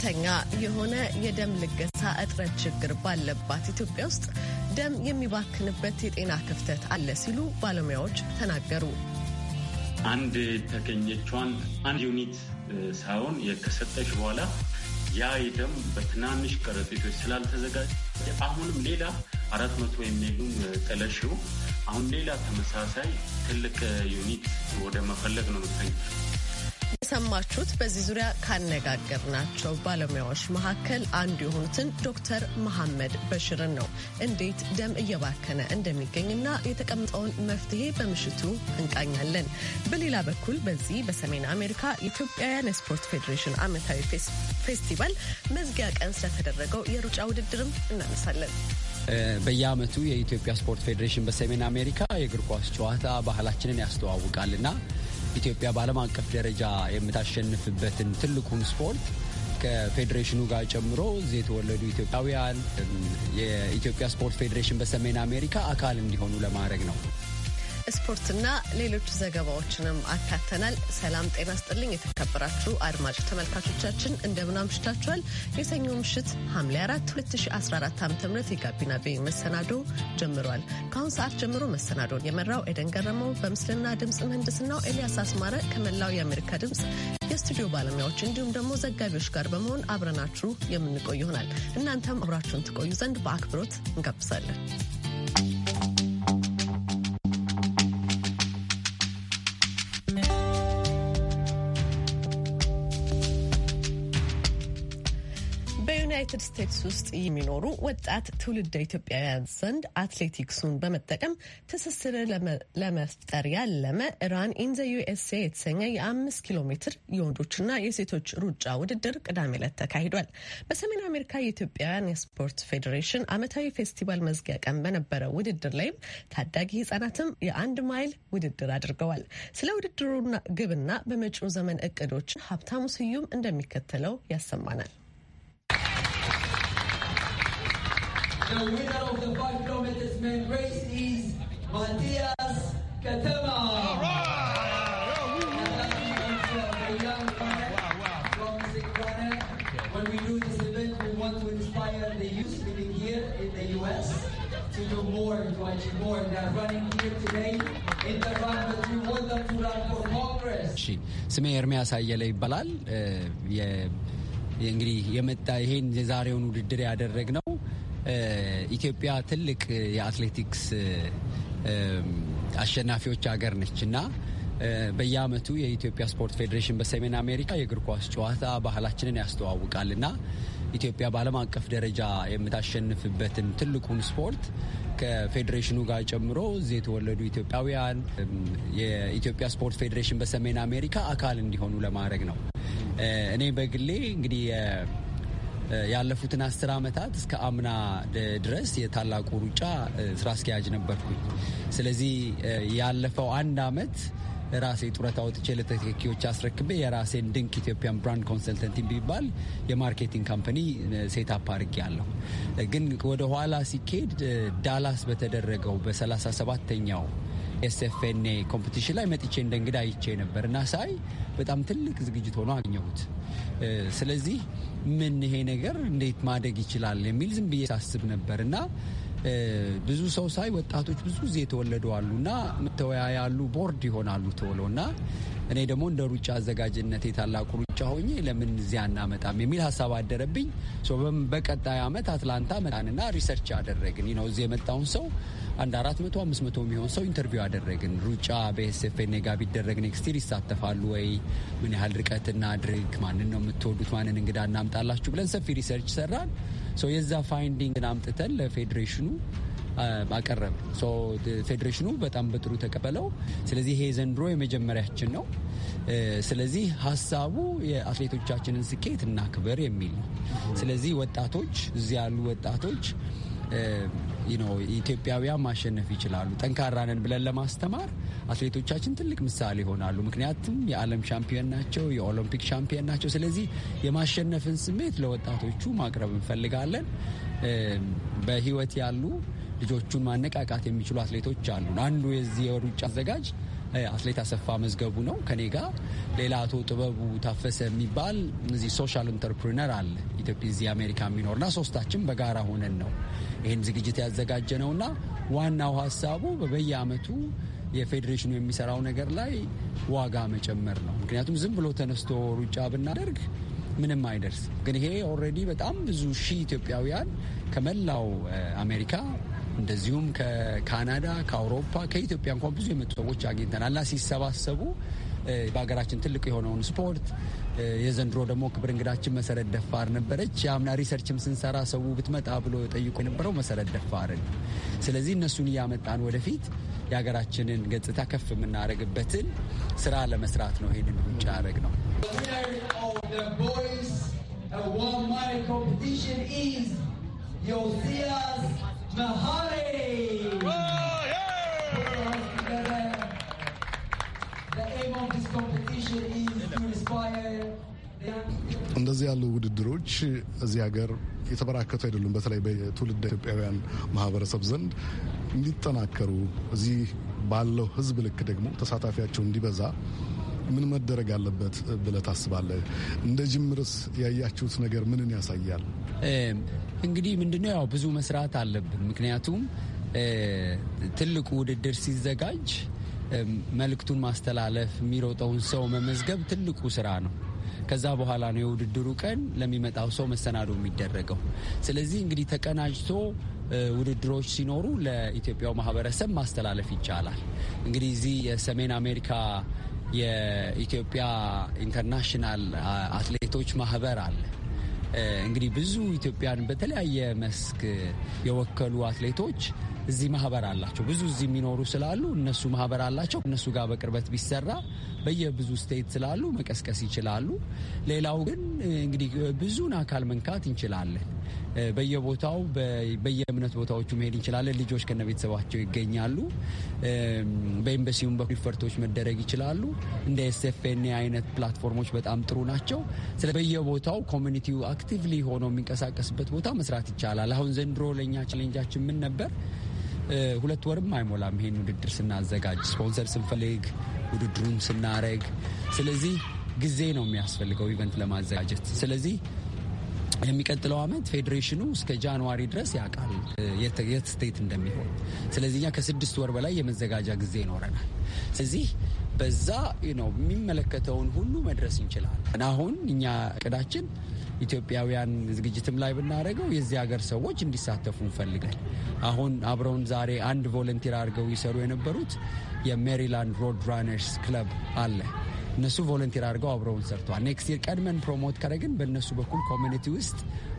ከፍተኛ የሆነ የደም ልገሳ እጥረት ችግር ባለባት ኢትዮጵያ ውስጥ ደም የሚባክንበት የጤና ክፍተት አለ ሲሉ ባለሙያዎች ተናገሩ። አንድ ተገኘቿን አንድ ዩኒት ሳይሆን ከሰጠች በኋላ ያ የደም በትናንሽ ከረጢቶች ስላልተዘጋጀ አሁንም ሌላ አራት መቶ የሚሉን ጥለሽው አሁን ሌላ ተመሳሳይ ትልቅ ዩኒት ወደ መፈለግ ነው ምታኝ የሰማችሁት በዚህ ዙሪያ ካነጋገርናቸው ባለሙያዎች መካከል አንዱ የሆኑትን ዶክተር መሐመድ በሽርን ነው። እንዴት ደም እየባከነ እንደሚገኝና የተቀምጠውን መፍትሄ በምሽቱ እንቃኛለን። በሌላ በኩል በዚህ በሰሜን አሜሪካ የኢትዮጵያውያን የስፖርት ፌዴሬሽን ዓመታዊ ፌስቲቫል መዝጊያ ቀን ስለተደረገው የሩጫ ውድድርም እናነሳለን። በየዓመቱ የኢትዮጵያ ስፖርት ፌዴሬሽን በሰሜን አሜሪካ የእግር ኳስ ጨዋታ ባህላችንን ያስተዋውቃልና ኢትዮጵያ በዓለም አቀፍ ደረጃ የምታሸንፍበትን ትልቁን ስፖርት ከፌዴሬሽኑ ጋር ጨምሮ እዚህ የተወለዱ ኢትዮጵያውያን የኢትዮጵያ ስፖርት ፌዴሬሽን በሰሜን አሜሪካ አካል እንዲሆኑ ለማድረግ ነው። ስፖርትና ሌሎች ዘገባዎችንም አካተናል። ሰላም ጤና ስጥልኝ። የተከበራችሁ አድማጭ ተመልካቾቻችን እንደምን አምሽታችኋል? የሰኞ ምሽት ሐምሌ 4 2014 ዓ ም የጋቢና ቤ መሰናዶ ጀምሯል። ከአሁን ሰዓት ጀምሮ መሰናዶን የመራው ኤደን ገረመው በምስልና ድምፅ ምህንድስናው ኤልያስ አስማረ ከመላው የአሜሪካ ድምፅ የስቱዲዮ ባለሙያዎች እንዲሁም ደግሞ ዘጋቢዎች ጋር በመሆን አብረናችሁ የምንቆይ ይሆናል። እናንተም አብራችሁን ትቆዩ ዘንድ በአክብሮት እንጋብዛለን። ስቴትስ ውስጥ የሚኖሩ ወጣት ትውልደ ኢትዮጵያውያን ዘንድ አትሌቲክሱን በመጠቀም ትስስር ለመፍጠር ያለመ ራን ኢን ዘ ዩኤስኤ የተሰኘ የአምስት ኪሎ ሜትር የወንዶችና የሴቶች ሩጫ ውድድር ቅዳሜ ዕለት ተካሂዷል። በሰሜን አሜሪካ የኢትዮጵያውያን የስፖርት ፌዴሬሽን ዓመታዊ ፌስቲቫል መዝጊያ ቀን በነበረው ውድድር ላይም ታዳጊ ህጻናትም የአንድ ማይል ውድድር አድርገዋል። ስለ ውድድሩ ግብና በመጪው ዘመን እቅዶችን ሀብታሙ ስዩም እንደሚከተለው ያሰማናል። The winner of the 5 kilometers men race is Matthias Katema. All right. And young wow, wow. from When we do this event, we want to inspire the youth living here in the US to do more, to achieve more. They are running here today in the run, but we want them to run for Congress. She, እሺ ስሜ balal አየለ ይባላል። እንግዲህ የመጣ ይሄን የዛሬውን ውድድር ያደረግ ነው ኢትዮጵያ ትልቅ የአትሌቲክስ አሸናፊዎች ሀገር ነች እና በየአመቱ የኢትዮጵያ ስፖርት ፌዴሬሽን በሰሜን አሜሪካ የእግር ኳስ ጨዋታ ባህላችንን ያስተዋውቃል እና ኢትዮጵያ በዓለም አቀፍ ደረጃ የምታሸንፍበትን ትልቁን ስፖርት ከፌዴሬሽኑ ጋር ጨምሮ እዚህ የተወለዱ ኢትዮጵያውያን የኢትዮጵያ ስፖርት ፌዴሬሽን በሰሜን አሜሪካ አካል እንዲሆኑ ለማድረግ ነው። እኔ በግሌ እንግዲህ ያለፉትን አስር ዓመታት እስከ አምና ድረስ የታላቁ ሩጫ ስራ አስኪያጅ ነበርኩኝ። ስለዚህ ያለፈው አንድ ዓመት ራሴ ጡረታ ወጥቼ ለተተኪዎች አስረክቤ የራሴን ድንቅ ኢትዮጵያን ብራንድ ኮንሰልተንት ቢባል የማርኬቲንግ ካምፓኒ ሴታፕ አድርጌ ያለሁ ግን ወደ ኋላ ሲኬድ ዳላስ በተደረገው በ37ተኛው ኤስኤፍኤንኤ ኮምፒቲሽን ላይ መጥቼ እንደ እንግዳ አይቼ ነበር እና ሳይ በጣም ትልቅ ዝግጅት ሆኖ አገኘሁት። ስለዚህ ምን ይሄ ነገር እንዴት ማደግ ይችላል የሚል ዝም ብዬ ሳስብ ነበር እና ብዙ ሰው ሳይ ወጣቶች ብዙ ጊዜ የተወለዱ አሉ አሉና ተወያያሉ፣ ቦርድ ይሆናሉ ቶሎ እና እኔ ደግሞ እንደ ሩጫ አዘጋጅነት የታላቁ ሩጫ ሆኜ ለምን እዚያ እናመጣም የሚል ሀሳብ አደረብኝ። በቀጣይ ዓመት አትላንታ መጣንና ሪሰርች አደረግን ነው እዚህ የመጣውን ሰው አንድ አራት መቶ አምስት መቶ የሚሆን ሰው ኢንተርቪው አደረግን። ሩጫ በኤስኤፍ ኔጋ ቢደረግ ኔክስት ይር ይሳተፋሉ ወይ? ምን ያህል ርቀት እናድርግ? ማንን ነው የምትወዱት? ማንን እንግዳ እናምጣላችሁ? ብለን ሰፊ ሪሰርች ሰራን። የዛ ፋይንዲንግን አምጥተን ለፌዴሬሽኑ አቀረብ ፌዴሬሽኑ በጣም በጥሩ ተቀበለው። ስለዚህ ይሄ ዘንድሮ የመጀመሪያችን ነው። ስለዚህ ሀሳቡ የአትሌቶቻችንን ስኬት እናክበር የሚል ነው። ስለዚህ ወጣቶች እዚህ ያሉ ወጣቶች ኢትዮጵያውያን ማሸነፍ ይችላሉ፣ ጠንካራንን ብለን ለማስተማር አትሌቶቻችን ትልቅ ምሳሌ ይሆናሉ። ምክንያቱም የዓለም ሻምፒዮን ናቸው፣ የኦሎምፒክ ሻምፒዮን ናቸው። ስለዚህ የማሸነፍን ስሜት ለወጣቶቹ ማቅረብ እንፈልጋለን። በህይወት ያሉ ልጆቹን ማነቃቃት የሚችሉ አትሌቶች አሉ። አንዱ የዚህ የሩጫ አዘጋጅ አትሌት አሰፋ መዝገቡ ነው ከኔ ጋር። ሌላ አቶ ጥበቡ ታፈሰ የሚባል እዚህ ሶሻል ኢንተርፕሪነር አለ ኢትዮጵያ እዚህ አሜሪካ የሚኖርና ሶስታችን በጋራ ሆነን ነው ይህን ዝግጅት ያዘጋጀ ነውና ዋናው ሀሳቡ በየአመቱ የፌዴሬሽኑ የሚሰራው ነገር ላይ ዋጋ መጨመር ነው። ምክንያቱም ዝም ብሎ ተነስቶ ሩጫ ብናደርግ ምንም አይደርስ። ግን ይሄ ኦልሬዲ በጣም ብዙ ሺህ ኢትዮጵያውያን ከመላው አሜሪካ እንደዚሁም ከካናዳ፣ ከአውሮፓ፣ ከኢትዮጵያ እንኳን ብዙ የመጡ ሰዎች አግኝተናልና ሲሰባሰቡ በሀገራችን ትልቅ የሆነውን ስፖርት የዘንድሮ ደግሞ ክብር እንግዳችን መሰረት ደፋር ነበረች። የአምና ሪሰርችም ስንሰራ ሰው ብትመጣ ብሎ ጠይቆ የነበረው መሰረት ደፋርን። ስለዚህ እነሱን እያመጣን ወደፊት የሀገራችንን ገጽታ ከፍ የምናደርግበትን ስራ ለመስራት ነው ይህንን ውጭ ያደረግ ነው። እንደዚህ ያሉ ውድድሮች እዚህ ሀገር የተበራከቱ አይደሉም። በተለይ በትውልድ ኢትዮጵያውያን ማህበረሰብ ዘንድ እንዲጠናከሩ እዚህ ባለው ሕዝብ ልክ ደግሞ ተሳታፊያቸው እንዲበዛ ምን መደረግ አለበት ብለህ ታስባለህ? እንደ ጅምርስ ያያችሁት ነገር ምንን ያሳያል? እንግዲህ ምንድነው ያው ብዙ መስራት አለብን። ምክንያቱም ትልቁ ውድድር ሲዘጋጅ መልእክቱን ማስተላለፍ የሚሮጠውን ሰው መመዝገብ ትልቁ ስራ ነው። ከዛ በኋላ ነው የውድድሩ ቀን ለሚመጣው ሰው መሰናዶ የሚደረገው። ስለዚህ እንግዲህ ተቀናጅቶ ውድድሮች ሲኖሩ ለኢትዮጵያው ማህበረሰብ ማስተላለፍ ይቻላል። እንግዲህ እዚህ የሰሜን አሜሪካ የኢትዮጵያ ኢንተርናሽናል አትሌቶች ማህበር አለ እንግዲህ ብዙ ኢትዮጵያን በተለያየ መስክ የወከሉ አትሌቶች እዚህ ማህበር አላቸው። ብዙ እዚህ የሚኖሩ ስላሉ እነሱ ማህበር አላቸው። እነሱ ጋር በቅርበት ቢሰራ በየብዙ ስቴት ስላሉ መቀስቀስ ይችላሉ። ሌላው ግን እንግዲህ ብዙን አካል መንካት እንችላለን። በየቦታው በየእምነት ቦታዎቹ መሄድ እንችላለን። ልጆች ከነ ቤተሰባቸው ይገኛሉ። በኤምባሲውም በኩል መደረግ ይችላሉ። እንደ ኤስኤፍኤን አይነት ፕላትፎርሞች በጣም ጥሩ ናቸው። ስለ በየቦታው ኮሚኒቲው አክቲቭሊ ሆኖ የሚንቀሳቀስበት ቦታ መስራት ይቻላል። አሁን ዘንድሮ ለእኛ ቻሌንጃችን ምን ነበር? ሁለት ወርም አይሞላም ይሄን ውድድር ስናዘጋጅ ስፖንሰር ስንፈልግ ውድድሩን ስናረግ። ስለዚህ ጊዜ ነው የሚያስፈልገው ኢቨንት ለማዘጋጀት። ስለዚህ የሚቀጥለው ዓመት ፌዴሬሽኑ እስከ ጃንዋሪ ድረስ ያውቃል የት ስቴት እንደሚሆን። ስለዚህ እኛ ከስድስት ወር በላይ የመዘጋጃ ጊዜ ይኖረናል። ስለዚህ በዛ ነው የሚመለከተውን ሁሉ መድረስ እንችላለን። አሁን እኛ እቅዳችን ኢትዮጵያውያን ዝግጅትም ላይ ብናደርገው የዚህ ሀገር ሰዎች እንዲሳተፉ እንፈልጋል። አሁን አብረውን ዛሬ አንድ ቮለንቲር አድርገው ይሰሩ የነበሩት የሜሪላንድ ሮድ ራነርስ ክለብ አለ እነሱ ቮለንቲር አድርገው አብረውን ሰርተዋል። ኔክስት ይር ቀድመን ፕሮሞት ካደረግን በእነሱ በኩል ኮሚኒቲ ውስጥ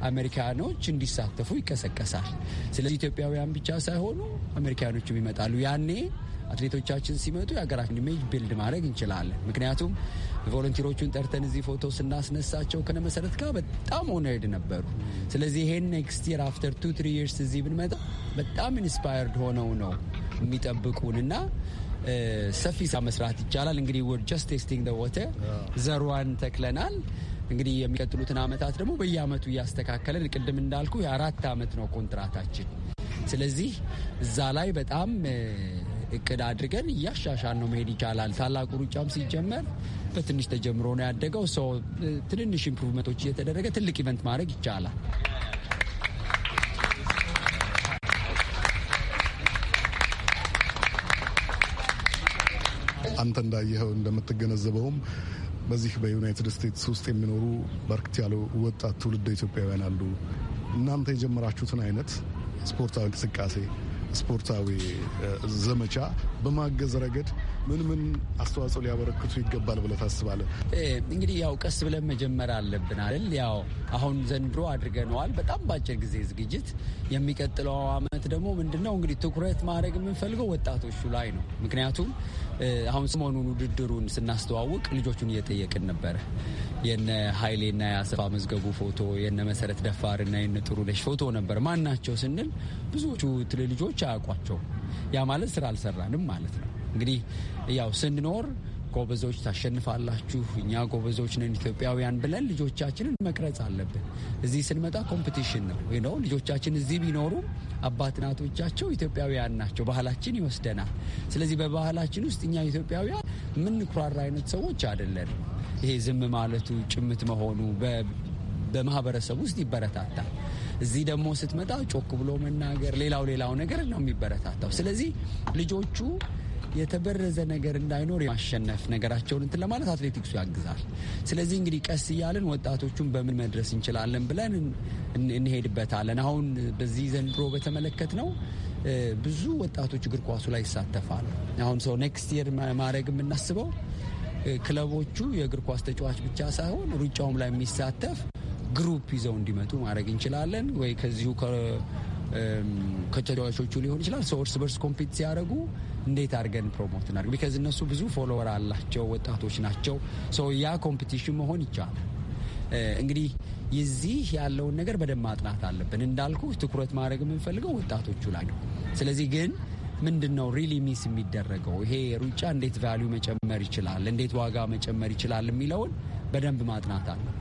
አሜሪካኖች እንዲሳተፉ ይቀሰቀሳል። ስለዚህ ኢትዮጵያውያን ብቻ ሳይሆኑ አሜሪካኖችም ይመጣሉ። ያኔ አትሌቶቻችን ሲመጡ የሀገራችን ኢሜጅ ቢልድ ማድረግ እንችላለን። ምክንያቱም ቮለንቲሮቹን ጠርተን እዚህ ፎቶ ስናስነሳቸው ከነመሰረት ጋር በጣም ኦነርድ ነበሩ። ስለዚህ ይሄን ኔክስት የር አፍተር ቱ ትሪ ይርስ እዚህ ብንመጣ በጣም ኢንስፓየርድ ሆነው ነው የሚጠብቁን እና ሰፊ ስራ መስራት ይቻላል። እንግዲህ ወር ጀስት ቴስቲንግ ደ ወተር ዘሯን ተክለናል። እንግዲህ የሚቀጥሉትን አመታት ደግሞ በየአመቱ እያስተካከለን ቅድም እንዳልኩ የአራት አመት ነው ኮንትራታችን። ስለዚህ እዛ ላይ በጣም እቅድ አድርገን እያሻሻል ነው መሄድ ይቻላል። ታላቁ ሩጫም ሲጀመር በትንሽ ተጀምሮ ነው ያደገው። ሰው ትንንሽ ኢምፕሩቭመንቶች እየተደረገ ትልቅ ኢቨንት ማድረግ ይቻላል። አንተ እንዳየኸው እንደምትገነዘበውም በዚህ በዩናይትድ ስቴትስ ውስጥ የሚኖሩ በርክት ያሉ ወጣት ትውልደ ኢትዮጵያውያን አሉ። እናንተ የጀመራችሁትን አይነት ስፖርታዊ እንቅስቃሴ ስፖርታዊ ዘመቻ በማገዝ ረገድ ምን ምን አስተዋጽኦ ሊያበረክቱ ይገባል ብለ ታስባለ እንግዲህ ያው ቀስ ብለን መጀመር አለብን አይደል? ያው አሁን ዘንድሮ አድርገነዋል በጣም በአጭር ጊዜ ዝግጅት። የሚቀጥለው አመት ደግሞ ምንድነው እንግዲህ ትኩረት ማድረግ የምንፈልገው ወጣቶቹ ላይ ነው። ምክንያቱም አሁን ሰሞኑን ውድድሩን ስናስተዋውቅ ልጆቹን እየጠየቅን ነበረ። የነ ሀይሌና የአሰፋ መዝገቡ ፎቶ፣ የነ መሰረት ደፋርና የነ ጥሩነሽ ፎቶ ነበር። ማን ናቸው ስንል ብዙዎቹ ትልልጆች አያውቋቸው። ያ ማለት ስራ አልሰራንም ማለት ነው። እንግዲህ ያው ስንኖር ጎበዞች ታሸንፋላችሁ፣ እኛ ጎበዞች ነን ኢትዮጵያውያን ብለን ልጆቻችንን መቅረጽ አለብን። እዚህ ስንመጣ ኮምፕቲሽን ነው ነው። ልጆቻችን እዚህ ቢኖሩ አባት እናቶቻቸው ኢትዮጵያውያን ናቸው፣ ባህላችን ይወስደናል። ስለዚህ በባህላችን ውስጥ እኛ ኢትዮጵያውያን የምንኩራራ አይነት ሰዎች አይደለን። ይሄ ዝም ማለቱ ጭምት መሆኑ በማህበረሰብ ውስጥ ይበረታታል። እዚህ ደግሞ ስትመጣ ጮክ ብሎ መናገር፣ ሌላው ሌላው ነገር ነው የሚበረታታው። ስለዚህ ልጆቹ የተበረዘ ነገር እንዳይኖር የማሸነፍ ነገራቸውን እንትን ለማለት አትሌቲክሱ ያግዛል። ስለዚህ እንግዲህ ቀስ እያለን ወጣቶቹን በምን መድረስ እንችላለን ብለን እንሄድበታለን። አሁን በዚህ ዘንድሮ በተመለከት ነው ብዙ ወጣቶች እግር ኳሱ ላይ ይሳተፋሉ። አሁን ሰው ኔክስት የር ማድረግ የምናስበው ክለቦቹ የእግር ኳስ ተጫዋች ብቻ ሳይሆን ሩጫውም ላይ የሚሳተፍ ግሩፕ ይዘው እንዲመጡ ማድረግ እንችላለን ወይ ከዚሁ ከተጫዋቾቹ ሊሆን ይችላል ሰው እርስ በርስ ኮምፒት ሲያደርጉ እንዴት አድርገን ፕሮሞት እናደርግ ቢካዝ እነሱ ብዙ ፎሎወር አላቸው፣ ወጣቶች ናቸው። ሰው ያ ኮምፒቲሽን መሆን ይቻላል። እንግዲህ የዚህ ያለውን ነገር በደንብ ማጥናት አለብን። እንዳልኩ ትኩረት ማድረግ የምንፈልገው ወጣቶቹ ላይ ነው። ስለዚህ ግን ምንድን ነው ሪሊ ሚስ የሚደረገው ይሄ ሩጫ እንዴት ቫሊዩ መጨመር ይችላል፣ እንዴት ዋጋ መጨመር ይችላል የሚለውን በደንብ ማጥናት አለብን።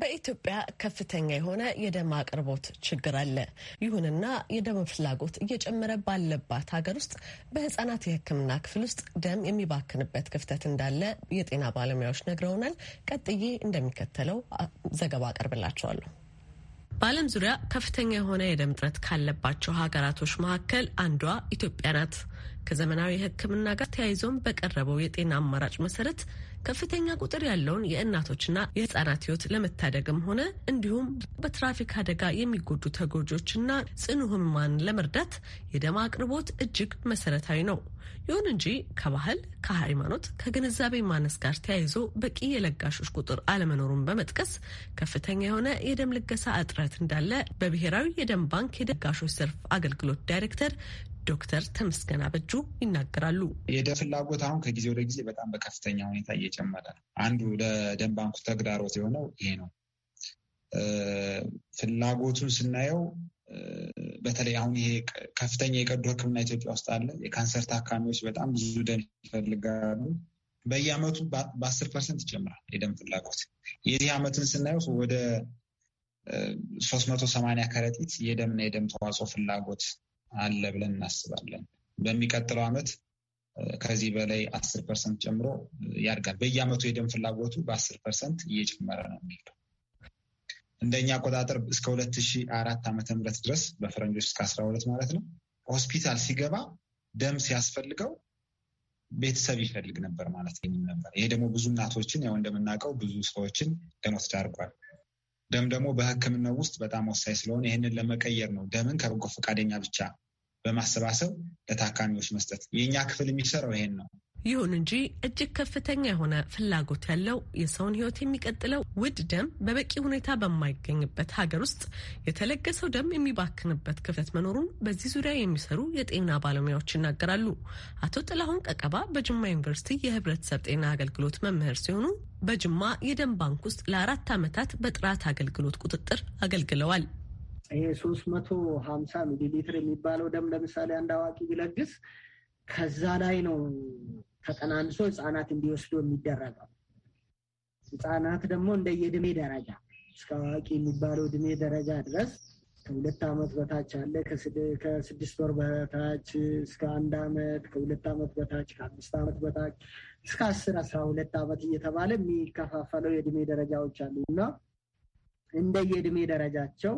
በኢትዮጵያ ከፍተኛ የሆነ የደም አቅርቦት ችግር አለ። ይሁንና የደም ፍላጎት እየጨመረ ባለባት ሀገር ውስጥ በህጻናት የሕክምና ክፍል ውስጥ ደም የሚባክንበት ክፍተት እንዳለ የጤና ባለሙያዎች ነግረውናል። ቀጥዬ እንደሚከተለው ዘገባ አቀርብላቸዋለሁ። በዓለም ዙሪያ ከፍተኛ የሆነ የደም እጥረት ካለባቸው ሀገራቶች መካከል አንዷ ኢትዮጵያ ናት። ከዘመናዊ ሕክምና ጋር ተያይዞም በቀረበው የጤና አማራጭ መሰረት ከፍተኛ ቁጥር ያለውን የእናቶችና የህጻናት ህይወት ለመታደግም ሆነ እንዲሁም በትራፊክ አደጋ የሚጎዱ ተጎጂዎችና ጽኑ ህሙማን ለመርዳት የደም አቅርቦት እጅግ መሰረታዊ ነው። ይሁን እንጂ ከባህል፣ ከሃይማኖት፣ ከግንዛቤ ማነስ ጋር ተያይዞ በቂ የለጋሾች ቁጥር አለመኖሩን በመጥቀስ ከፍተኛ የሆነ የደም ልገሳ እጥረት እንዳለ በብሔራዊ የደም ባንክ የለጋሾች ዘርፍ አገልግሎት ዳይሬክተር ዶክተር ተመስገና በጁ ይናገራሉ። የደም ፍላጎት አሁን ከጊዜ ወደ ጊዜ በጣም በከፍተኛ ሁኔታ እየጨመረ ነው። አንዱ ለደም ባንኩ ተግዳሮት የሆነው ይሄ ነው። ፍላጎቱን ስናየው በተለይ አሁን ይሄ ከፍተኛ የቀዶ ሕክምና ኢትዮጵያ ውስጥ አለ። የካንሰር ታካሚዎች በጣም ብዙ ደም ይፈልጋሉ። በየአመቱ በአስር ፐርሰንት ይጨምራል የደም ፍላጎት። የዚህ አመትን ስናየው ወደ ሶስት መቶ ሰማንያ ከረጢት የደምና የደም ተዋጽኦ ፍላጎት አለ ብለን እናስባለን። በሚቀጥለው ዓመት ከዚህ በላይ አስር ፐርሰንት ጨምሮ ያድጋል። በየዓመቱ የደም ፍላጎቱ በአስር ፐርሰንት እየጨመረ ነው የሚሄደው እንደኛ አቆጣጠር እስከ ሁለት ሺ አራት ዓመተ ምህረት ድረስ በፈረንጆች እስከ አስራ ሁለት ማለት ነው ሆስፒታል ሲገባ ደም ሲያስፈልገው ቤተሰብ ይፈልግ ነበር ማለት ነው ነበር። ይሄ ደግሞ ብዙ እናቶችን ያው እንደምናውቀው ብዙ ሰዎችን ለሞት ዳርጓል። ደም ደግሞ በሕክምናው ውስጥ በጣም ወሳኝ ስለሆነ ይህንን ለመቀየር ነው ደምን ከበጎ ፈቃደኛ ብቻ በማሰባሰብ ለታካሚዎች መስጠት የእኛ ክፍል የሚሰራው ይሄን ነው። ይሁን እንጂ እጅግ ከፍተኛ የሆነ ፍላጎት ያለው የሰውን ሕይወት የሚቀጥለው ውድ ደም በበቂ ሁኔታ በማይገኝበት ሀገር ውስጥ የተለገሰው ደም የሚባክንበት ክፍተት መኖሩን በዚህ ዙሪያ የሚሰሩ የጤና ባለሙያዎች ይናገራሉ። አቶ ጥላሁን ቀቀባ በጅማ ዩኒቨርሲቲ የሕብረተሰብ ጤና አገልግሎት መምህር ሲሆኑ በጅማ የደም ባንክ ውስጥ ለአራት ዓመታት በጥራት አገልግሎት ቁጥጥር አገልግለዋል። ይሄ ሶስት መቶ ሀምሳ ሚሊ ሊትር የሚባለው ደም ለምሳሌ አንድ አዋቂ ቢለግስ ከዛ ላይ ነው ተጠናንሶ ህፃናት እንዲወስዱ የሚደረገው። ህፃናት ደግሞ እንደ የእድሜ ደረጃ እስከ አዋቂ የሚባለው እድሜ ደረጃ ድረስ ከሁለት ዓመት በታች አለ፣ ከስድስት ወር በታች እስከ አንድ ዓመት፣ ከሁለት ዓመት በታች፣ ከአምስት ዓመት በታች እስከ አስር አስራ ሁለት ዓመት እየተባለ የሚከፋፈለው የእድሜ ደረጃዎች አሉ እና እንደየእድሜ ደረጃቸው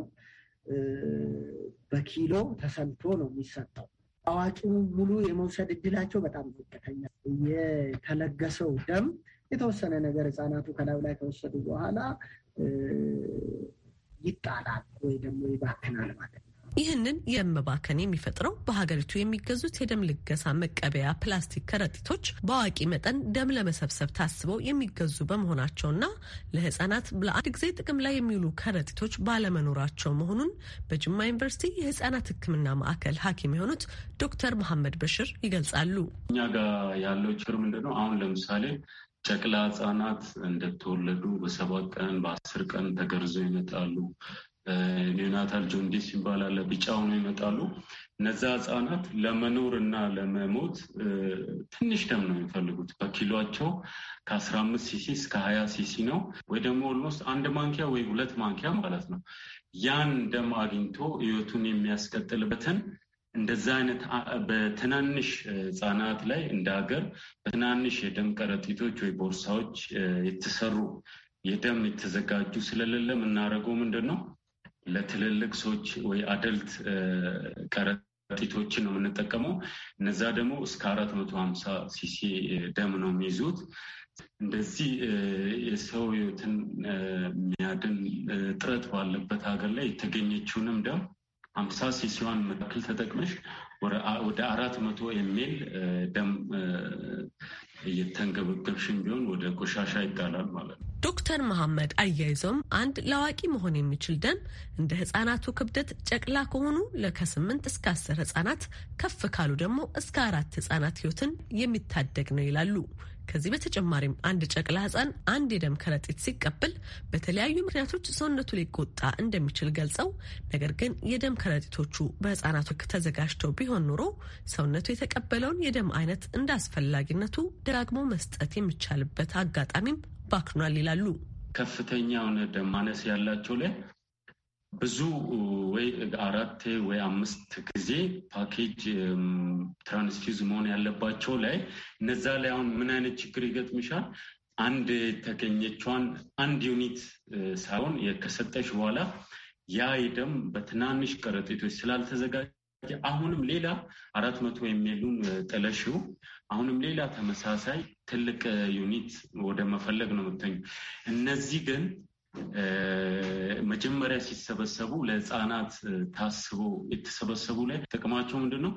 በኪሎ ተሰልቶ ነው የሚሰጠው። አዋቂው ሙሉ የመውሰድ እድላቸው በጣም ዝቅተኛ። የተለገሰው ደም የተወሰነ ነገር ህፃናቱ ከላዩ ላይ ከወሰዱ በኋላ ይጣላል ወይ ደግሞ ይባክናል ማለት ነው። ይህንን የመባከን የሚፈጥረው በሀገሪቱ የሚገዙት የደም ልገሳ መቀበያ ፕላስቲክ ከረጢቶች በአዋቂ መጠን ደም ለመሰብሰብ ታስበው የሚገዙ በመሆናቸውና ለህጻናት ለአንድ ጊዜ ጥቅም ላይ የሚውሉ ከረጢቶች ባለመኖራቸው መሆኑን በጅማ ዩኒቨርሲቲ የህጻናት ሕክምና ማዕከል ሐኪም የሆኑት ዶክተር መሐመድ በሽር ይገልጻሉ። እኛ ጋር ያለው ችግር ነው? አሁን ለምሳሌ ጨቅላ ህጻናት እንደተወለዱ በሰባት ቀን በአስር ቀን ተገርዘው ይመጣሉ። ኔናታል ጆንዲስ ይባላል። ቢጫ ሆኖ ይመጣሉ። እነዛ ህጻናት ለመኖር እና ለመሞት ትንሽ ደም ነው የሚፈልጉት። በኪሏቸው ከአስራ አምስት ሲሲ እስከ ሀያ ሲሲ ነው ወይ ደግሞ ኦልሞስት አንድ ማንኪያ ወይ ሁለት ማንኪያ ማለት ነው። ያን ደም አግኝቶ ህይወቱን የሚያስቀጥልበትን እንደዛ አይነት በትናንሽ ህጻናት ላይ እንደ ሀገር በትናንሽ የደም ከረጢቶች ወይ ቦርሳዎች የተሰሩ የደም የተዘጋጁ ስለሌለ የምናደርገው ምንድን ነው? ለትልልቅ ሰዎች ወይ አደልት ከረጢቶችን ነው የምንጠቀመው። እነዛ ደግሞ እስከ አራት መቶ ሀምሳ ሲሲ ደም ነው የሚይዙት። እንደዚህ የሰው ህይወትን የሚያድን ጥረት ባለበት ሀገር ላይ የተገኘችውንም ደም ሀምሳ ሲሲዋን መካከል ተጠቅመሽ ወደ አራት መቶ የሚል ደም እየተንገበገብሽን ቢሆን ወደ ቆሻሻ ይጣላል ማለት ነው። ዶክተር መሐመድ አያይዘውም አንድ ለአዋቂ መሆን የሚችል ደም እንደ ህጻናቱ ክብደት ጨቅላ ከሆኑ ለከስምንት እስከ አስር ህጻናት ከፍ ካሉ ደግሞ እስከ አራት ህጻናት ህይወትን የሚታደግ ነው ይላሉ። ከዚህ በተጨማሪም አንድ ጨቅላ ህጻን አንድ የደም ከረጢት ሲቀበል በተለያዩ ምክንያቶች ሰውነቱ ሊቆጣ እንደሚችል ገልጸው፣ ነገር ግን የደም ከረጢቶቹ በህጻናቱ ተዘጋጅተው ቢሆን ኑሮ ሰውነቱ የተቀበለውን የደም አይነት እንደ አስፈላጊነቱ ደጋግሞ መስጠት የሚቻልበት አጋጣሚም ባክኗል ይላሉ። ከፍተኛ የሆነ ደም ማነስ ያላቸው ላይ ብዙ ወይ አራት ወይ አምስት ጊዜ ፓኬጅ ትራንስፊዝ መሆን ያለባቸው ላይ እነዛ ላይ አሁን ምን አይነት ችግር ይገጥምሻል? አንድ የተገኘቿን አንድ ዩኒት ሳይሆን ከሰጠሽ በኋላ ያ ደም በትናንሽ ከረጢቶች ስላልተዘጋጀ አሁንም ሌላ አራት መቶ የሚሉን ጥለሽው አሁንም ሌላ ተመሳሳይ ትልቅ ዩኒት ወደ መፈለግ ነው የምትኙ። እነዚህ ግን መጀመሪያ ሲሰበሰቡ ለህፃናት ታስቦ የተሰበሰቡ ላይ ጥቅማቸው ምንድን ነው?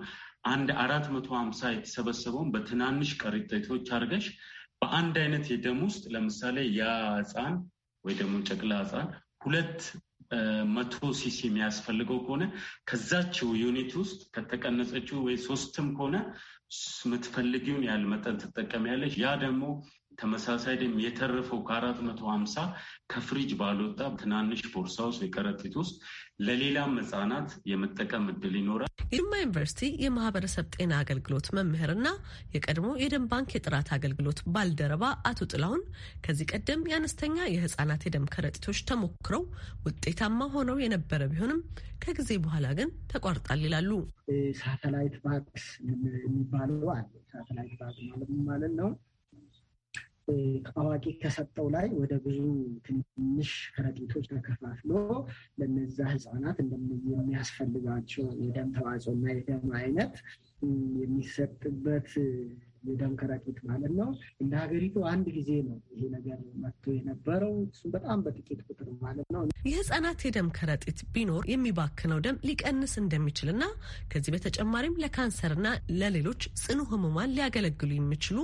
አንድ አራት መቶ ሀምሳ የተሰበሰበውን በትናንሽ ቀሪጠቶች አድርገሽ በአንድ አይነት የደም ውስጥ ለምሳሌ ያ ህፃን ወይ ደግሞ ጨቅላ ህፃን ሁለት መቶ ሲሲ የሚያስፈልገው ከሆነ ከዛችው ዩኒት ውስጥ ከተቀነሰችው ወይ ሶስትም ከሆነ የምትፈልጊውን ያህል መጠን ትጠቀሚያለሽ። ያ ደግሞ ተመሳሳይ ደም የተረፈው ከአራት መቶ ሀምሳ ከፍሪጅ ባልወጣ ትናንሽ ቦርሳ ውስጥ የከረጢት ውስጥ ለሌላም ህጻናት የመጠቀም እድል ይኖራል። የጅማ ዩኒቨርሲቲ የማህበረሰብ ጤና አገልግሎት መምህርና የቀድሞ የደም ባንክ የጥራት አገልግሎት ባልደረባ አቶ ጥላሁን ከዚህ ቀደም የአነስተኛ የህጻናት የደም ከረጢቶች ተሞክረው ውጤታማ ሆነው የነበረ ቢሆንም ከጊዜ በኋላ ግን ተቋርጣል ይላሉ። ሳተላይት ባክስ የሚባለው አለ። ሳተላይት ማለት ማለት ነው አዋቂ ከሰጠው ላይ ወደ ብዙ ትንሽ ከረጢቶች ተከፋፍሎ ለነዛ ህፃናት የሚያስፈልጋቸው የደም ተዋጽኦና የደም አይነት የሚሰጥበት የደም ከረጢት ማለት ነው። እንደ ሀገሪቱ አንድ ጊዜ ነው ይሄ ነገር መጥቶ የነበረው እሱም በጣም በጥቂት ቁጥር ማለት ነው። የህጻናት የደም ከረጢት ቢኖር የሚባክነው ደም ሊቀንስ እንደሚችልና ከዚህ በተጨማሪም ለካንሰርና ለሌሎች ጽኑ ህሙማን ሊያገለግሉ የሚችሉ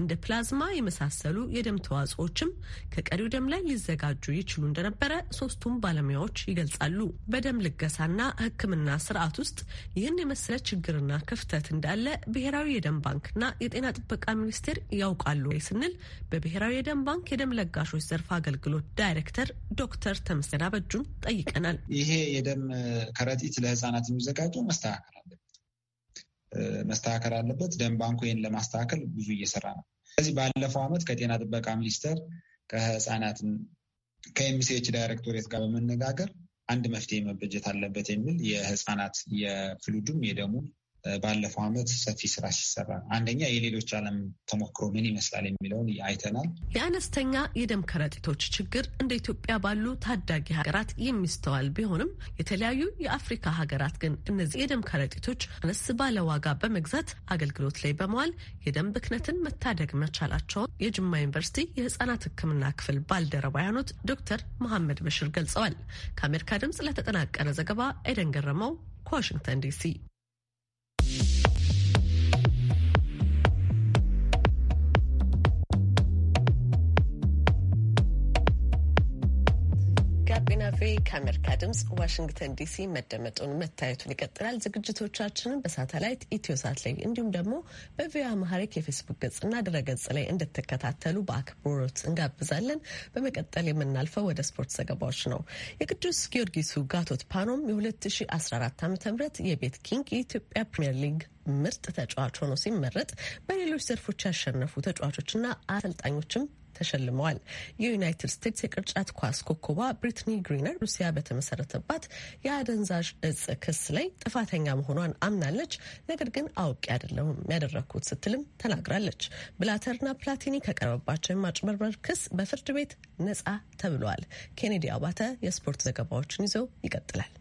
እንደ ፕላዝማ የመሳሰሉ የደም ተዋጽኦችም ከቀሪው ደም ላይ ሊዘጋጁ ይችሉ እንደነበረ ሶስቱም ባለሙያዎች ይገልጻሉ። በደም ልገሳና ህክምና ስርዓት ውስጥ ይህን የመሰለ ችግርና ክፍተት እንዳለ ብሔራዊ የደም ባንክና የጤና የጤና ጥበቃ ሚኒስቴር ያውቃሉ ወይ ስንል በብሔራዊ የደም ባንክ የደም ለጋሾች ዘርፍ አገልግሎት ዳይሬክተር ዶክተር ተመስገን አበጁን ጠይቀናል። ይሄ የደም ከረጢት ለህፃናት የሚዘጋጀው መስተካከል አለበት መስተካከል አለበት። ደም ባንኩ ይህን ለማስተካከል ብዙ እየሰራ ነው። ስለዚህ ባለፈው ዓመት ከጤና ጥበቃ ሚኒስቴር ከህፃናት ከኤምሲኤች ዳይሬክቶሬት ጋር በመነጋገር አንድ መፍትሄ መበጀት አለበት የሚል የህፃናት የፍሉዱም የደሙ ባለፈው ዓመት ሰፊ ስራ ሲሰራ አንደኛ የሌሎች ዓለም ተሞክሮ ምን ይመስላል የሚለውን አይተናል። የአነስተኛ የደም ከረጢቶች ችግር እንደ ኢትዮጵያ ባሉ ታዳጊ ሀገራት የሚስተዋል ቢሆንም የተለያዩ የአፍሪካ ሀገራት ግን እነዚህ የደም ከረጢቶች አነስ ባለ ዋጋ በመግዛት አገልግሎት ላይ በመዋል የደም ብክነትን መታደግ መቻላቸውን የጅማ ዩኒቨርሲቲ የህጻናት ሕክምና ክፍል ባልደረባ የሆኑት ዶክተር መሐመድ በሽር ገልጸዋል። ከአሜሪካ ድምጽ ለተጠናቀረ ዘገባ ኤደን ገረመው ከዋሽንግተን ዲሲ ጋቢና ቬ ከአሜሪካ ድምጽ ዋሽንግተን ዲሲ መደመጡን መታየቱን ይቀጥላል። ዝግጅቶቻችንን በሳተላይት ሳት ላይ እንዲሁም ደግሞ በቪኦኤ አማርኛ የፌስቡክ ገጽና ድረ ገጽ ላይ እንድትከታተሉ በአክብሮት እንጋብዛለን። በመቀጠል የምናልፈው ወደ ስፖርት ዘገባዎች ነው። የቅዱስ ጊዮርጊሱ ጋቶት ፓኖም የ2014 ዓ ም የቤት ኪንግ የኢትዮጵያ ፕሪምየር ሊግ ምርጥ ተጫዋች ሆኖ ሲመረጥ በሌሎች ዘርፎች ያሸነፉ ተጫዋቾችና አሰልጣኞችም ተሸልመዋል። የዩናይትድ ስቴትስ የቅርጫት ኳስ ኮከቧ ብሪትኒ ግሪነር ሩሲያ በተመሰረተባት የአደንዛዥ እጽ ክስ ላይ ጥፋተኛ መሆኗን አምናለች። ነገር ግን አውቄ አይደለሁም ያደረግኩት ስትልም ተናግራለች። ብላተርና ፕላቲኒ ከቀረበባቸው የማጭበርበር ክስ በፍርድ ቤት ነጻ ተብለዋል። ኬኔዲ አባተ የስፖርት ዘገባዎችን ይዘው ይቀጥላል።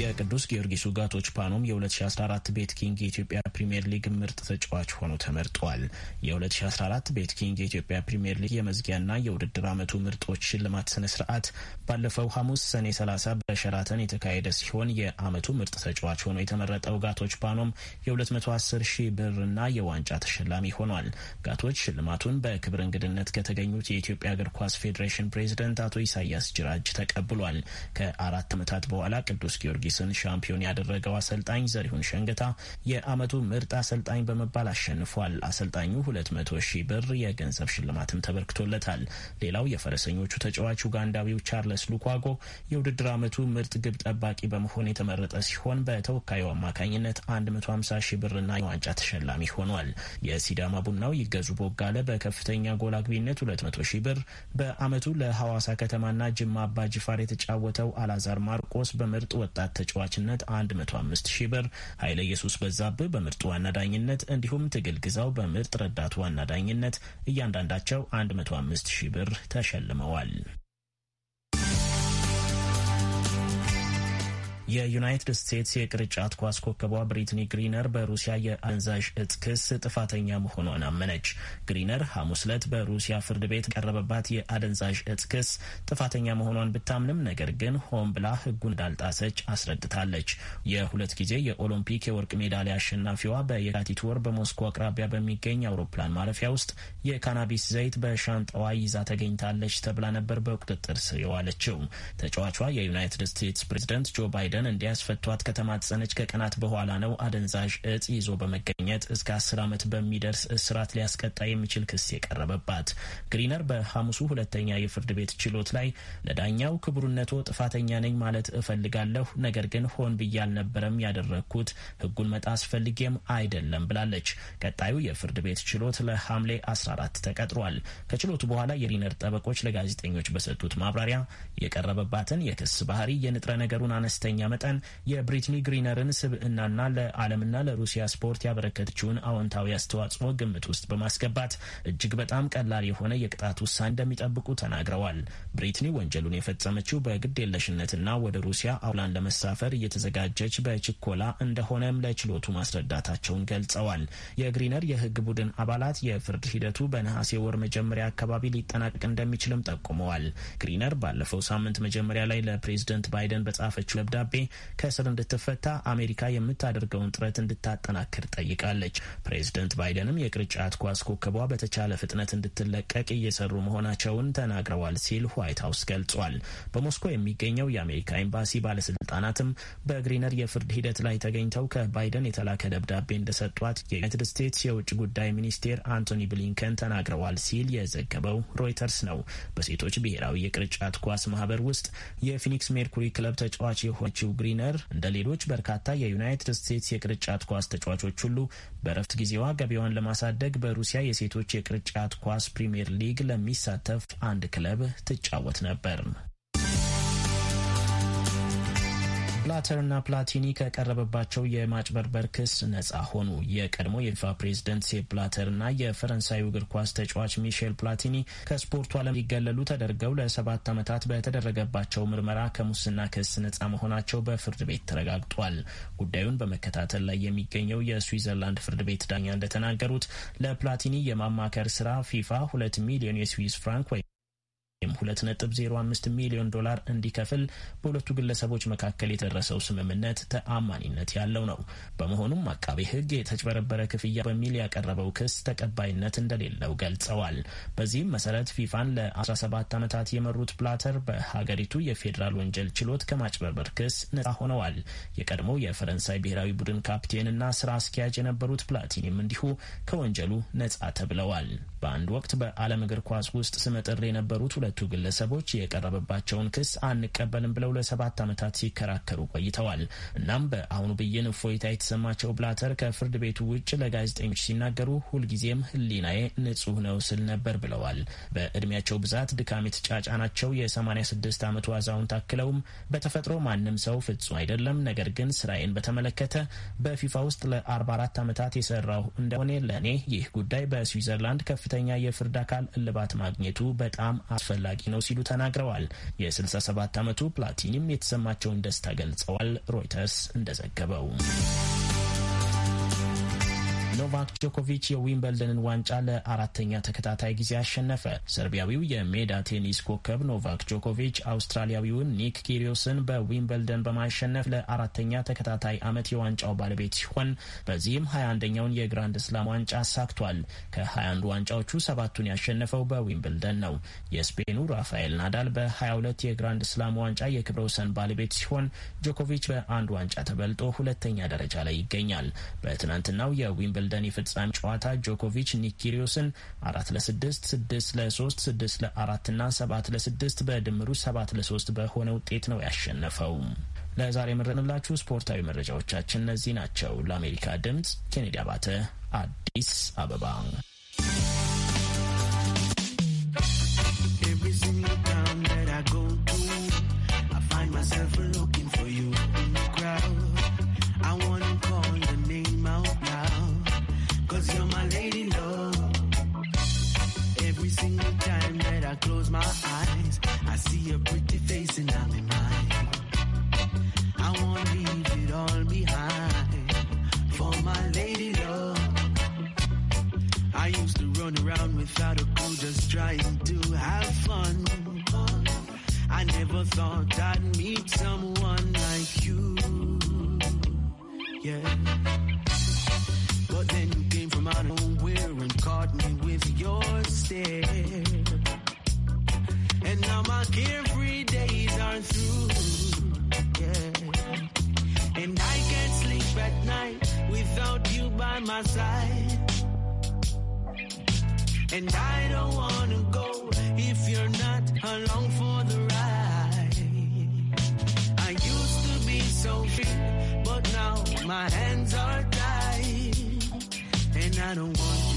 የቅዱስ ጊዮርጊሱ ጋቶች ፓኖም የ2014 ቤት ኪንግ የኢትዮጵያ ፕሪምየር ሊግ ምርጥ ተጫዋች ሆኖ ተመርጧል። የ2014 ቤት ኪንግ የኢትዮጵያ ፕሪምየር ሊግ የመዝጊያና የውድድር ዓመቱ ምርጦች ሽልማት ስነ ስርዓት ባለፈው ሐሙስ ሰኔ 30 በሸራተን የተካሄደ ሲሆን የዓመቱ ምርጥ ተጫዋች ሆኖ የተመረጠው ጋቶች ፓኖም የ210 ሺህ ብርና የዋንጫ ተሸላሚ ሆኗል። ጋቶች ሽልማቱን በክብር እንግድነት ከተገኙት የኢትዮጵያ እግር ኳስ ፌዴሬሽን ፕሬዚደንት አቶ ኢሳያስ ጅራጅ ተቀብሏል። ከአራት ዓመታት በኋላ ቅዱስ ጊዮርጊስ ጊዮርጊስን ሻምፒዮን ያደረገው አሰልጣኝ ዘሪሁን ሸንገታ የአመቱ ምርጥ አሰልጣኝ በመባል አሸንፏል። አሰልጣኙ 200 ሺህ ብር የገንዘብ ሽልማትም ተበርክቶለታል። ሌላው የፈረሰኞቹ ተጫዋች ኡጋንዳዊው ቻርለስ ሉኳጎ የውድድር አመቱ ምርጥ ግብ ጠባቂ በመሆን የተመረጠ ሲሆን በተወካዩ አማካኝነት 150 ሺህ ብርና የዋንጫ ተሸላሚ ሆኗል። የሲዳማ ቡናው ይገዙ ቦጋለ በከፍተኛ ጎል አግቢነት 200 ሺህ ብር፣ በአመቱ ለሐዋሳ ከተማና ጅማ አባ ጅፋር የተጫወተው አላዛር ማርቆስ በምርጥ ወጣት ተጫዋችነት 105 ሺህ ብር፣ ኃይለ ኢየሱስ በዛብህ በምርጥ ዋና ዳኝነት እንዲሁም ትግል ግዛው በምርጥ ረዳት ዋና ዳኝነት እያንዳንዳቸው 105 ሺህ ብር ተሸልመዋል። የዩናይትድ ስቴትስ የቅርጫት ኳስ ኮከቧ ብሪትኒ ግሪነር በሩሲያ የአደንዛዥ እጽ ክስ ጥፋተኛ መሆኗን አመነች። ግሪነር ሐሙስ ዕለት በሩሲያ ፍርድ ቤት ቀረበባት የአደንዛዥ እጽ ክስ ጥፋተኛ መሆኗን ብታምንም ነገር ግን ሆን ብላ ሕጉን እንዳልጣሰች አስረድታለች። የሁለት ጊዜ የኦሎምፒክ የወርቅ ሜዳሊያ አሸናፊዋ በየካቲት ወር በሞስኮ አቅራቢያ በሚገኝ አውሮፕላን ማረፊያ ውስጥ የካናቢስ ዘይት በሻንጣዋ ይዛ ተገኝታለች ተብላ ነበር በቁጥጥር ስር የዋለችው። ተጫዋቿ የዩናይትድ ስቴትስ ፕሬዝደንት ጆ ባይደን ቡድን እንዲያስፈቷት ከተማጸነች ከቀናት በኋላ ነው አደንዛዥ እጽ ይዞ በመገኘት እስከ አስር ዓመት በሚደርስ እስራት ሊያስቀጣ የሚችል ክስ የቀረበባት። ግሪነር በሐሙሱ ሁለተኛ የፍርድ ቤት ችሎት ላይ ለዳኛው ክቡርነቶ ጥፋተኛ ነኝ ማለት እፈልጋለሁ፣ ነገር ግን ሆን ብዬ አልነበረም ያደረግኩት፣ ህጉን መጣስ ፈልጌም አይደለም ብላለች። ቀጣዩ የፍርድ ቤት ችሎት ለሐምሌ 14 ተቀጥሯል። ከችሎቱ በኋላ የግሪነር ጠበቆች ለጋዜጠኞች በሰጡት ማብራሪያ የቀረበባትን የክስ ባህሪ የንጥረ ነገሩን አነስተኛ መጠን የብሪትኒ ግሪነርን ስብዕናና ለዓለምና ለሩሲያ ስፖርት ያበረከተችውን አዎንታዊ አስተዋጽኦ ግምት ውስጥ በማስገባት እጅግ በጣም ቀላል የሆነ የቅጣት ውሳኔ እንደሚጠብቁ ተናግረዋል። ብሪትኒ ወንጀሉን የፈጸመችው የለሽነትና ወደ ሩሲያ አውላን ለመሳፈር እየተዘጋጀች በችኮላ እንደሆነም ለችሎቱ ማስረዳታቸውን ገልጸዋል። የግሪነር የህግ ቡድን አባላት የፍርድ ሂደቱ በነሐሴ ወር መጀመሪያ አካባቢ ሊጠናቀቅ እንደሚችልም ጠቁመዋል። ግሪነር ባለፈው ሳምንት መጀመሪያ ላይ ለፕሬዝደንት ባይደን በጻፈችው ደብዳቤ ደብዳቤ ከእስር እንድትፈታ አሜሪካ የምታደርገውን ጥረት እንድታጠናክር ጠይቃለች። ፕሬዝደንት ባይደንም የቅርጫት ኳስ ኮከቧ በተቻለ ፍጥነት እንድትለቀቅ እየሰሩ መሆናቸውን ተናግረዋል ሲል ዋይት ሀውስ ገልጿል። በሞስኮ የሚገኘው የአሜሪካ ኤምባሲ ባለስልጣናትም በግሪነር የፍርድ ሂደት ላይ ተገኝተው ከባይደን የተላከ ደብዳቤ እንደሰጧት የዩናይትድ ስቴትስ የውጭ ጉዳይ ሚኒስቴር አንቶኒ ብሊንከን ተናግረዋል ሲል የዘገበው ሮይተርስ ነው። በሴቶች ብሔራዊ የቅርጫት ኳስ ማህበር ውስጥ የፊኒክስ ሜርኩሪ ክለብ ተጫዋች የሆነች የሆነችው ብሪነር እንደ ሌሎች በርካታ የዩናይትድ ስቴትስ የቅርጫት ኳስ ተጫዋቾች ሁሉ በእረፍት ጊዜዋ ገቢዋን ለማሳደግ በሩሲያ የሴቶች የቅርጫት ኳስ ፕሪምየር ሊግ ለሚሳተፍ አንድ ክለብ ትጫወት ነበር። ብላተርና ፕላቲኒ ከቀረበባቸው የማጭበርበር ክስ ነጻ ሆኑ። የቀድሞ የፊፋ ፕሬዝደንት ሴፕ ብላተርና የፈረንሳዩ እግር ኳስ ተጫዋች ሚሼል ፕላቲኒ ከስፖርቱ ዓለም ሊገለሉ ተደርገው ለሰባት ዓመታት በተደረገባቸው ምርመራ ከሙስና ክስ ነጻ መሆናቸው በፍርድ ቤት ተረጋግጧል። ጉዳዩን በመከታተል ላይ የሚገኘው የስዊዘርላንድ ፍርድ ቤት ዳኛ እንደተናገሩት ለፕላቲኒ የማማከር ስራ ፊፋ ሁለት ሚሊዮን የስዊስ ፍራንክ ወይም ወይም 2.05 ሚሊዮን ዶላር እንዲከፍል በሁለቱ ግለሰቦች መካከል የተደረሰው ስምምነት ተአማኒነት ያለው ነው። በመሆኑም አቃቤ ሕግ የተጭበረበረ ክፍያ በሚል ያቀረበው ክስ ተቀባይነት እንደሌለው ገልጸዋል። በዚህም መሰረት ፊፋን ለ17 ዓመታት የመሩት ብላተር በሀገሪቱ የፌዴራል ወንጀል ችሎት ከማጭበርበር ክስ ነጻ ሆነዋል። የቀድሞው የፈረንሳይ ብሔራዊ ቡድን ካፕቴንና ስራ አስኪያጅ የነበሩት ፕላቲኒም እንዲሁ ከወንጀሉ ነጻ ተብለዋል። በአንድ ወቅት በዓለም እግር ኳስ ውስጥ ስመጥር የነበሩት ሁለቱ ግለሰቦች የቀረበባቸውን ክስ አንቀበልም ብለው ለሰባት ዓመታት ሲከራከሩ ቆይተዋል። እናም በአሁኑ ብይን እፎይታ የተሰማቸው ብላተር ከፍርድ ቤቱ ውጭ ለጋዜጠኞች ሲናገሩ ሁልጊዜም ሕሊናዬ ንጹህ ነው ስል ነበር ብለዋል። በእድሜያቸው ብዛት ድካም የተጫጫናቸው የ86 ዓመቱ አዛውንት አክለውም በተፈጥሮ ማንም ሰው ፍጹም አይደለም፣ ነገር ግን ስራዬን በተመለከተ በፊፋ ውስጥ ለ44 ዓመታት የሰራው እንደሆነ ለእኔ ይህ ጉዳይ በስዊዘርላንድ ከፍተኛ የፍርድ አካል እልባት ማግኘቱ በጣም አስፈላጊ አስፈላጊ ነው ሲሉ ተናግረዋል። የ67 ዓመቱ ፕላቲኒም የተሰማቸውን ደስታ ገልጸዋል። ሮይተርስ እንደዘገበው ኖቫክ ጆኮቪች የዊምበልደንን ዋንጫ ለአራተኛ ተከታታይ ጊዜ አሸነፈ። ሰርቢያዊው የሜዳ ቴኒስ ኮከብ ኖቫክ ጆኮቪች አውስትራሊያዊውን ኒክ ኪሪዮስን በዊምበልደን በማሸነፍ ለአራተኛ ተከታታይ ዓመት የዋንጫው ባለቤት ሲሆን በዚህም 21ኛውን የግራንድ ስላም ዋንጫ አሳክቷል። ከ21 ዋንጫዎቹ ሰባቱን ያሸነፈው በዊምብልደን ነው። የስፔኑ ራፋኤል ናዳል በ22 የግራንድ ስላም ዋንጫ የክብረ ወሰን ባለቤት ሲሆን ጆኮቪች በአንድ ዋንጫ ተበልጦ ሁለተኛ ደረጃ ላይ ይገኛል። በትናንትናው የዊምብ በዊምብልደን የፍጻሜ ጨዋታ ጆኮቪች ኒኪሪዮስን አራት ለስድስት ስድስት ለሶስት ስድስት ለአራት ና ሰባት ለስድስት በድምሩ ሰባት ለሶስት በሆነ ውጤት ነው ያሸነፈው። ለዛሬ የመረጥንላችሁ ስፖርታዊ መረጃዎቻችን እነዚህ ናቸው። ለአሜሪካ ድምጽ ኬኔዲ አባተ አዲስ አበባ close my eyes, I see a pretty face and I'm in mine. I wanna leave it all behind for my lady love. I used to run around without a clue, just trying to have fun. I never thought I'd meet someone like you. Yeah. But then you came from out of nowhere and caught me with your stare my are through. And I can't sleep at night without you by my side. And I don't wanna go if you're not along for the ride. I used to be so free, but now my hands are tied. And I don't want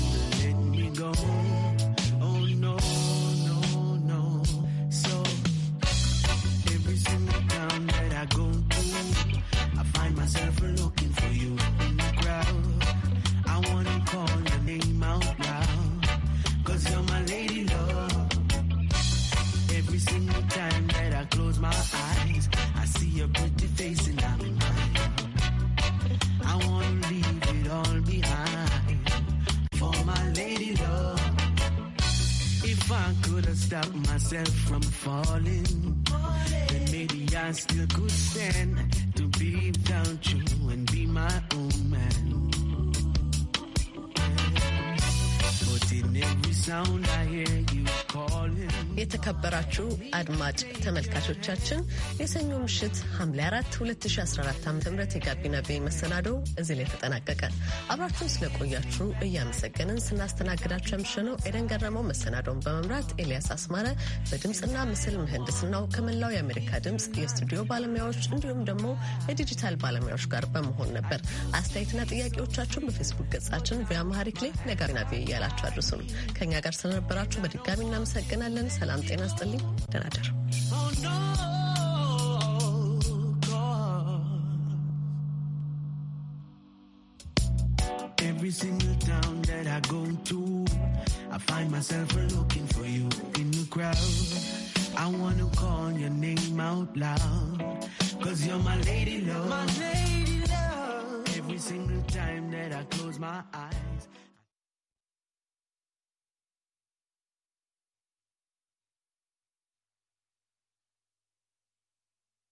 የተከበራችሁ አድማጭ ተመልካቾቻችን የሰኞ ምሽት ሐምሌ 4 2014 ዓ ም የጋቢና ቤ መሰናዶ እዚህ ላይ ተጠናቀቀ። አብራችሁን ስለቆያችሁ እያመሰገንን ስናስተናግዳችሁ ያምሸነው ኤደን ገረመው፣ መሰናዶውን በመምራት ኤልያስ አስማረ፣ በድምፅና ምስል ምህንድስናው ከመላው የአሜሪካ ድምፅ የስቱዲዮ ባለሙያዎች እንዲሁም ደግሞ የዲጂታል ባለሙያዎች ጋር በመሆን ነበር። አስተያየትና ጥያቄዎቻችሁን በፌስቡክ ገጻችን ቪያማሪክ ላይ ለጋቢና ቤ እያላችሁ አድርሱን። ከእኛ ጋር ስለነበራችሁ በድጋሚ እናመሰግናለን። ሰላም ጤና ስጥልኝ። ተናደር Every single town that I go to, I find myself looking for you in the crowd. I wanna call your name out loud, cause you're my lady love. My lady love. Every single time that I close my eyes.